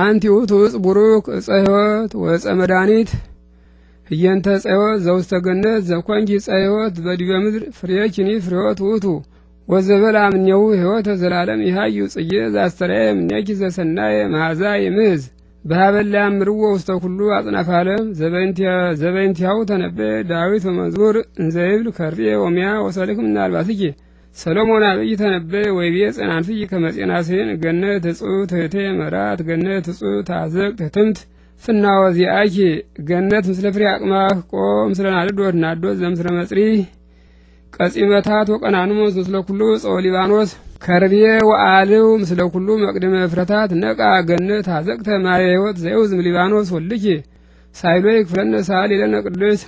አንቲ ውእቱ ዕፅ ቡሩክ ዕፀ ሕይወት ወዕፀ መድኃኒት ህየንተ ዕፀ ሕይወት ዘውስተ ገነት ዘኮንኪ ዕፀ ሕይወት በዲበ ምድር ፍሬችኒ ፍሬወት ውእቱ ወዘበላ አምኔው ሕይወተ ዘላለም ይሃዩ ጽጌ ዘአስተርአየ እምኔኪ ዘሰናየ መሃዛ ይምህዝ በሀበላ ምርዎ ውስተ ኩሉ አጽናፈ ዓለም ዘበይንቲያው ተነበየ ዳዊት በመዝሙር እንዘይብል ከርቤ ወሚያ ወሰልክም ምናልባትኪ ሰሎሞን አብይ ተነበየ ወይቤ ጸናንፍይ ሲን ገነት እጹት ትህቴ መራት ገነት እጹት ታዘቅ ህትምት ፍናወ ዚአኪ ገነት ምስለ ፍሬ አቅማህ ቆም ምስለ ናድዶ ናዶት ዘምስለ መጽሪ ቀጺመታት ወቀናንሞስ ምስለ ኩሉ ጾ ሊባኖስ ከርቤ ወአልው ምስለ ኩሉ መቅድመ ፍረታት ነቃ ገነት አዘቅተ ማየ ህይወት ዘይውዝም ሊባኖስ ወልኪ ሳይሎይ ክፍለነ ሳል የለነ ቅዱስ